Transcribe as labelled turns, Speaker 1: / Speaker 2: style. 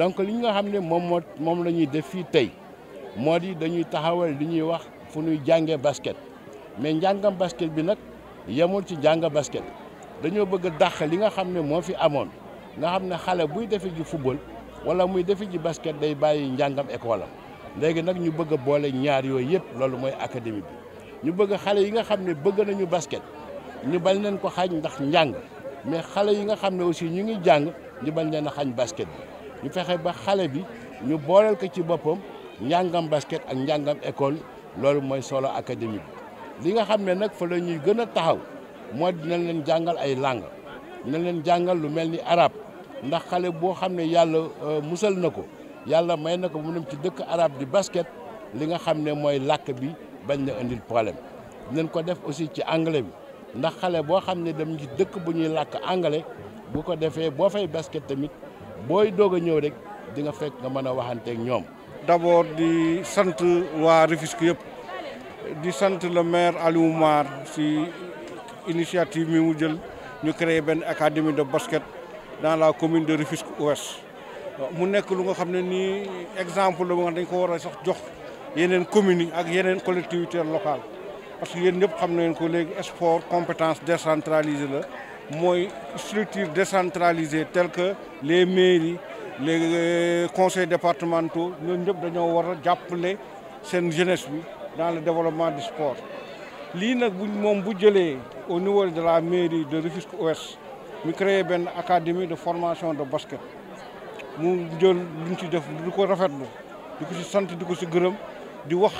Speaker 1: donc li ñu nga xam ne moom moo moom la ñuy def fii tey moo di dañuy taxawal li ñuy wax fu ñuy jàngee basket mais njàngam basket bi nag yemul ci jàng basket dañoo bëgg a dàq li nga xam ne moo fi amoon nga xam ne xale buy defe ji football wala muy defe ji basket day bàyyi njàngam école am léegi nag ñu bëgg a boole ñaar yooyu yëpp loolu mooy académie bi ñu bëgg xale yi nga xam ne bëgg nañu basket ñu bañ leen ko xañ ndax njàng mais xale yi nga xam ne aussi ñu ngi jàng ñu bañ leen a xañ ñu fexe ba xale bi ñu booleel ko ci boppam njàngam basket ak njàngam école loolu mooy solo académique bi li nga xam ne nag fa la ñuy gën a taxaw moo dinañ leen jàngal ay langue dinañ leen jàngal lu mel ni arab ndax xale boo xam ne yàlla euh, musal na ko yàlla may na ko mu dem ci dëkk arab di basket li nga xam ne mooy làkk bi bañ na indil problème dinañ ko def aussi ci anglais bi ndax xale boo xam ne dem ci dëkk bu ñuy làkk anglais bu ko defee boo fay basket booy doog a ñëw rek di nga fekk nga mën a
Speaker 2: waxanteeg ñoom. d'abord di sant waa Rufisque yëpp di sant le maire Aliou si initiative mi mu jël ñu créer benn académie de basket dans la commune de Rufisque Ouest. mu nekk lu nga xam ne nii exemple la nga dañ ko war a sax jox yeneen communes yi ak yeneen collectivités local parce que yéen ñëpp xam nañ ko léegi sport compétence décentralisée la. Moy structures décentralisées telles que les mairies les euh, conseils départementaux nous devons dañoo war a jeunesse dans le développement du sport Ce qui bu bu au niveau de la mairie de Rufisque Ouest mu créer une académie de formation de basket Nous jël nous ci def di ko rafetlu de ko ci nous di ko ci gërëm di wax